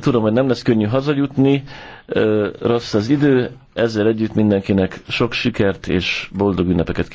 Tudom, hogy nem lesz könnyű hazajutni, rossz az idő, ezzel együtt mindenkinek sok sikert és boldog ünnepeket